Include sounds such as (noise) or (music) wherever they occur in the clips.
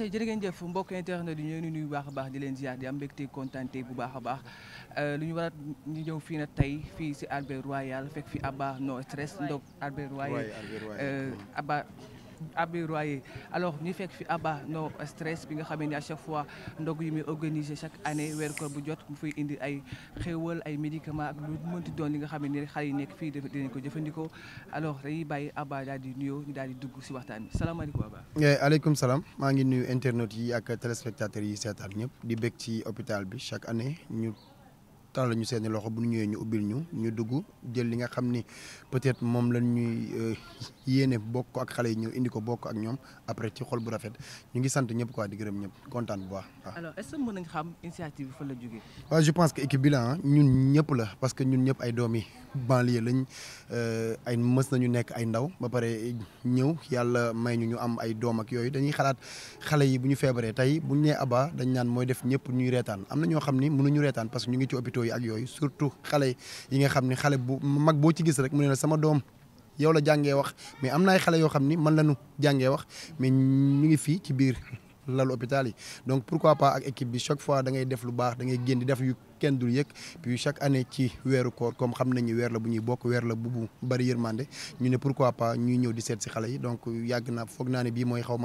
aca jërë ngeen jëf mbokk internet yi ñoo ni nuyu baax a baax di leen ziar di am mbégte bu baax a baax euh, lu ñu war a ñu ñëw fii nag tey fii si Albert Royal fekk fi Abba no stress ndox Albert Royal euh, Abba Abbé Royer alors ñu fekk fi Abba no stress bi nga xamee ni à chaque fois ndog yi muy organiser chaque année weer koor bu jot mu fay indi ay xéewal ay médicaments ak lu mënti doon li nga xamee ni xale yi nekk fii dinañ ko jëfandikoo alors dañuy bàyyi Abba daal di nuyoo ñu daal di dugg si waxtaan bi salaamaaleykum Abba. Eh, aleykum salaam maa ngi nuyu internautes yi ak téléspectateurs yi seetaan ñëpp di bëgg ci hôpital bi chaque année ñu. tàllal ñu seeni loxo bu ñu ñëwee ñu ubbil ñu ñu dugg jël li nga xam ni peut-être moom lañ ñuy euh, yéene bokk ko ak xale yi ñëw indi ko bokk ak ñoom après ci xol bu rafet ñu ngi sant ñëpp quoi di gërëm ñëpp kontaan bu baax. xam initiative bi la jógee. waaw je pense que équipe bi la ñun ñëpp la parce que ñun ñëpp ay doomi banlieue lañ euh, ay mës nañu nekk ay ndaw ba pare ñëw yàlla may ñu ñu am ay doom ak yooyu dañuy xalaat xale yi bu ñu feebaree tey bu ñu nee Aba dañ naan mooy def ñëpp ñuy reetaan am na ñoo xam ni mënuñu reetaan parce hôpitaux ak yooyu surtout xale yi nga xam ni xale bu mag boo ci gis rek mu ne la sama doom yow la jàngee wax mais am na ay xale yoo xam ni man la ñu jàngee wax mais ñu ngi fii ci biir lalu hôpital yi donc pourquoi pas ak équipe bi chaque fois da ngay def lu baax da ngay génn di def yu kenn dul yëg puis chaque année ci weeru koor comme xam nañu weer la bu ñuy bokk weer la bu bu bëri yërmande ñu ne pourquoi pas ñu ñëw di seet si xale yi donc yàgg naa foog naa ne bii mooy xaw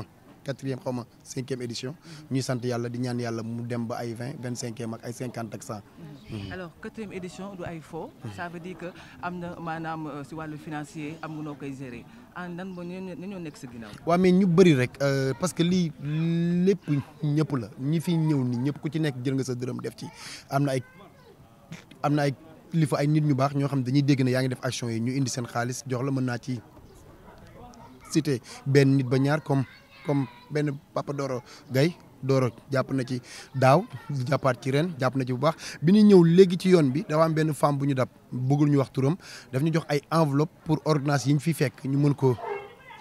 quatrième xaw ma cinquième édition ñuy sant yàlla di ñaan yàlla mu dem ba ay vingt vingt cinquième ak ay cinquante ak cent. Mhm. alors quatrième édition du ay foo sa veut dire que am na maanaam euh, si wàllu financier am noo koy gérer ah nan ba ñoo nekk si ginnaaw. waaw mais ñu bëri rek euh, parce que lii lépp ñëpp la ñi fi ñëw nii ñëpp ku ci nekk jël nga sa dërëm def ci am na ay am na ay kilifa ay nit ñu baax ñoo xam dañuy dégg ne yaa ngi def action yi ñu indi seen xaalis jox la mën naa ci cité benn nit ba ñaar comme benn Papa Doro gay Doro jàpp na ci daaw jàppaat ci ren jàpp na ci bu baax bi ñu ñëw léegi ci yoon bi dafa am benn femme bu ñu dab bëggul ñu wax turam daf ñu jox ay enveloppe pour ordonnance yi ñu fi fekk ñu mën ko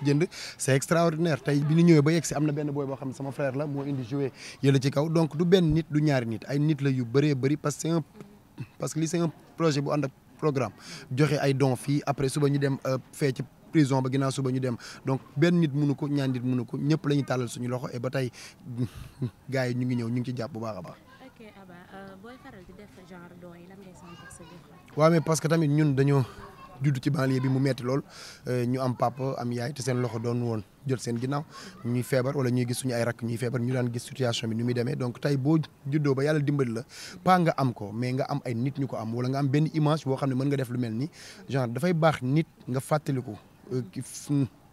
jënd c'est extraordinaire tey bi ñu ñëwee ba yegg si am na benn booy boo xam ne sama frère la moo indi joué yëla ci kaw donc du benn nit du ñaari nit ay nit la yu bëree bëri parce que c'est un parce que projet bu ànd ak programme joxe ay dons fii après suba ñu dem euh, fee ci prison ba ginnaaw suba ñu dem donc benn nit mënu ko ñaan nit mënu ko ñëpp la ñu tàllal suñu loxo et ba tey (laughs) gars yi ñu ngi ñëw ñu ngi ci jàpp bu baax a baax. ok Aba waaw euh, mais parce tamit ñun dañoo. judd ci banlieue bi mu metti lool euh, ñu am papa am yaay te seen loxo doon woon jot seen ginnaaw ñuy feebar wala ñuy gis suñu ay rakk ñuy feebar ñu daan gis situation bi nu muy demee donc tey boo juddoo ba yàlla dimbali la pas nga am ko mais nga am ay nit ñu ko am wala nga am benn image boo xam ne mën nga def lu mel ni genre dafay baax nit nga fàttaliku Euh,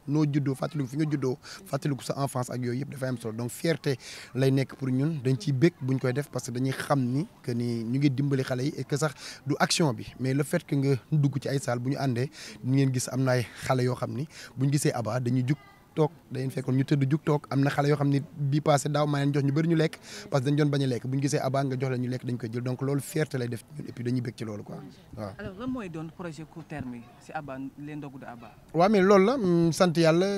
noo juddoo fàttaliku fi nga juddoo fàttaliku sa enfance ak yooyu yëpp dafay am solo donc fierté lay nekk pour ñun dañ ciy bëgg buñ koy def parce que dañuy xam ni que ni ñu ngi dimbali xale yi e que sax du action bi mais le fait que nga dugg ci ay salle bu ñu àndee ngeen gis am na xale yoo xam ni bu ñu gisee Aba dañu jug toog dañu fekkoon ñu tëdd jug toog am na xale yoo xam ne bii passé daaw maa leen jox ñu bëri ñu lekk parce que dañ bañ a lekk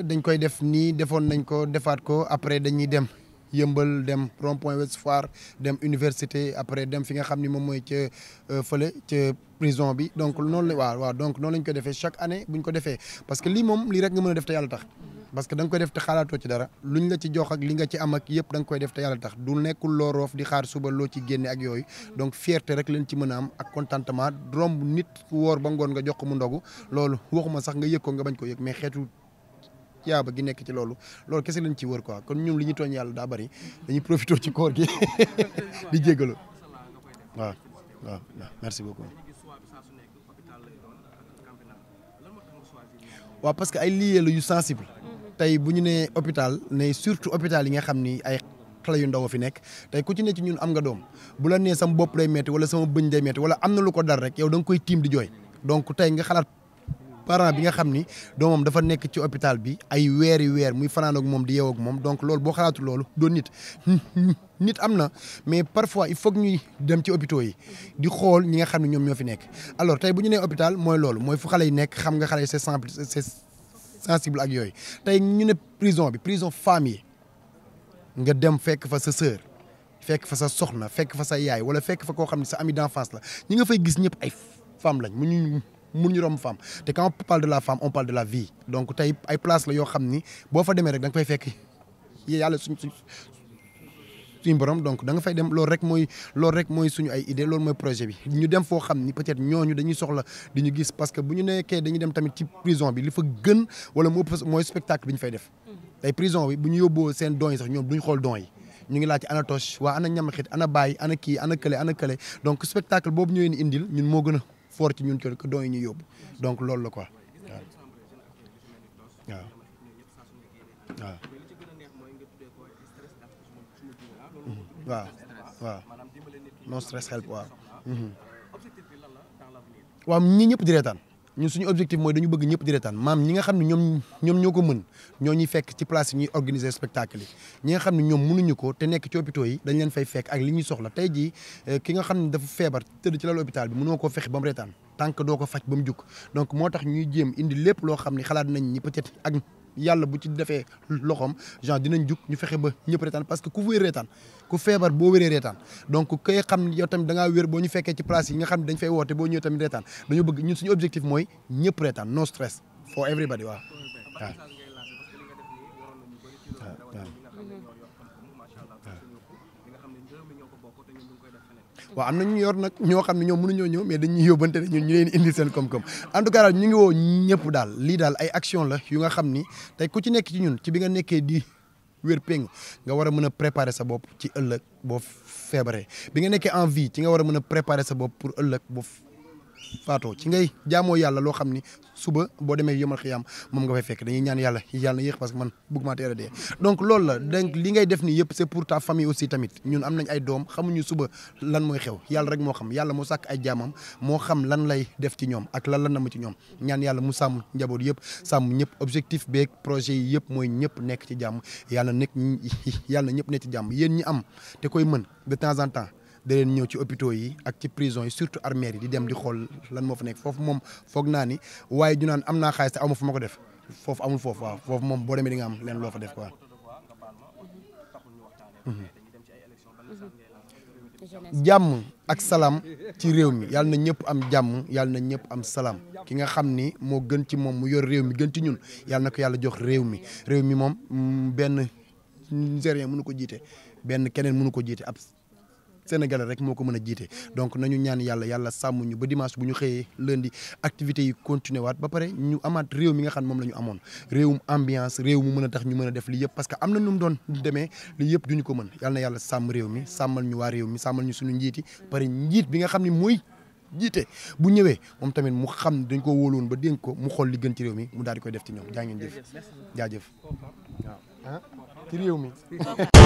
bu koy def nii defoon nañ ko defaat ko après dañuy dem. yëmbal dem rond point Ouest dem université après dem fi nga xam ni moom mooy ca euh, fële ca prison bi donc noonu la waaw waaw donc noonu lañ ko defee chaque année buñ ko defee parce que lii moom lii rek nga mën a def te yàlla tax parce que da nga koy def te xalaatoo ci dara luñ la ci jox ak li nga ci am ak yëpp da koy def te yàlla tax du nekkul loo di xaar suba loo ci génne ak yooyu mm. donc fierté rek leen ci mën a am ak contentement romb nit woor ba ngoon nga jox ko mu ndogu loolu waxuma sax nga yëg ko nga bañ ko yëg mais xeetu yaaba gi nekk ci loolu loolu kese lañ ci wër ko kon ñun li ñu tooñ yàlla daa bari dañuy profité ci koor gi (laughs) di jéggalu waaw waaw merci beaucoup. parce que ay lié la yu sensible. tey bu ñu nee hôpital ne surtout hôpital yi nga xam ni ay xale yu ndaw fi nekk tey ku ci ne ci ñun am nga doom bu la nee sama bopp lay metti wala sama bëñ day metti wala am na lu ko dar rek yow da nga koy tiim di jooy donc tey nga xalaat parent bi nga xam ni doomam dafa nekk ci hôpital bi ay weer weeri weer muy fanaan ak moom di yeew moom donc loolu boo xalaatu loolu doo nit (laughs) nit am na mais parfois il faut ñuy dem ci hôpitaux yi di xool ñi nga xam ne ñoom ñoo fi nekk alors tey bu ñu nee hôpital mooy loolu mooy fu xale nekk xam nga xale yi c'est simple sensible ak yooyu tey ñu ne prison bi prison famille nga dem fekk fa sa sœur fekk fa sa soxna fekk fa sa yaay wala fekk fa koo xam ne sa ami d'enfance la ñi nga fay gis ñëpp ay femme lañ mu ñu mun ñu romb femme te de la femme on parle de la vie donc tey ay place la yoo xam ni boo fa demee rek da nga fay fekk yàlla suñu borom donc da nga fay dem loolu rek mooy loolu rek mooy suñu ay idée loolu mooy projet bi ñu dem foo xam ni peut-être ñooñu dañuy soxla di ñu gis parce que bu ñu nekkee dañuy dem tamit ci prison bi li fa gën wala moo mooy spectacle bi ñu fay def tey mm-hmm. prison bi bu ñu yóbboo seen dons yi sax ñoom ñu xool dons yi ñu ngi laajte ana Toch waa ana ñamaxit ana Baye ana kii ana kële ana kële donc spectacle boobu ñu leen indil ñun moo gën a fort ci ñun que dons yi ñu yóbbu donc loolu la quoi waaw waaw waaw non stress help waaw. Mhm. waaw ñi ñëpp di reetaan ñun suñu objectif mooy dañu bëgg ñëpp di reetaan maam ñi nga xam ne ñoom ñoom ñoo ko mën ñoo ñuy fekk ci place yi ñuy spectacle yi ñi nga xam ne ñoom mënuñu ko te nekk ci hôpitaux yi dañ leen fay fekk ak li ñuy soxla tey ji eh, ki nga xam ne dafa feebar tëdd ci la hôpital bi mënoo ko fexe ba mu reetaan tant doo ko faj ba mu jug donc moo tax ñuy jéem indi lépp loo xam ne xalaat nañ ñi peut-être ak yàlla bu ci defee loxoom genre dinañ jug ñu fexe ba ñëpp reetaan parce que ku wér reetaan ku feebar boo wéree reetaan donc kay xam yow tamit da ngaa wér boo ñu fekkee ci place yi nga xam ne dañ fay woote boo ñëwee tamit reetaan dañu bëgg ñun suñu objectif mooy ñëpp reetaan no stress for everybody waaw waaw waaw am na ñu yor nag ñoo xam ne ñoom mënuñoo ñëw mais dañuy yóbbante ñu ñun ñu leen indi seen kom koom en tout cas daal ñu ngi woo ñëpp daal lii daal ay action la yu nga xam ni tey ku ci nekk ci ñun ci bi nga nekkee di wér péng nga war a mën a préparer sa bopp ci ëllëg boo feebaree bi nga nekkee en vie ci nga war a mën a préparer sa bopp pour ëllëg boo faatoo ci ngay jaamoo yàlla loo xam ni suba boo demee a xiyaam moom nga fay fekk dañuy ñaan yàlla yàlla na yéex parce que man bëgg maa teel dee donc loolu la donc li ngay def nii yëpp c'est pour ta famille aussi tamit ñun am nañ ay doom xamuñu suba lan mooy xew yàlla rek moo xam yàlla moo sakk ay jaamam moo xam lan lay def ci ñoom ak lan la nam ci ñoom ñaan yàlla mu sàmm njaboot yëpp sàmm ñëpp objectif beek projet yëpp mooy ñëpp nekk ci jàmm yàlla nekk yàlla ñëpp nekk ci jàmm yéen ñi am te koy mën de temps en temps da ñëw ci opito yi ak ci prison yi surtout armères yi di dem di xool lan moo fa nekk foofu moom foog naa ni waaye ñu naan am na xaalis te aw ma fu ma ko def foofu amul foofu waaw moom boo demee di nga am leen loo fa def quoi. Mhm. jàmm ak salaam ci réew mi yàlla na ñëpp am jàmm yàlla na ñëpp am salaam ki nga xam ni moo gën ci moom mu yor réew mi gën ci ñun yàlla na ko yàlla jox réew mi réew mi moom mm, benn nigérien mënu ko jiite benn keneen mënu ko jiite ab sénégal rek moo ko mën a jiite donc nañu ñaan yàlla yàlla sàmm ñu ba dimanche bu ñu xëyee lundi activités yi continuer waat ba pare ñu amaat réew mi nga xam ne moom la ñu amoon réewum ambiance réew mu mën a tax ñu mën a def li parce que am na nu mu doon demee li yëpp duñu ko mën yàlla na sàmm réew mi sàmmal ñu waa réew mi sàmmal ñu suñu njiiti pare njiit bi nga xam ne mooy jiite bu ñëwee moom tamit mu xam dañ ko wóoloon ba dénk ko mu xool li gën ci réew mi mu daal di koy def ci ñoom jaa jëf ci réew mi (laughs)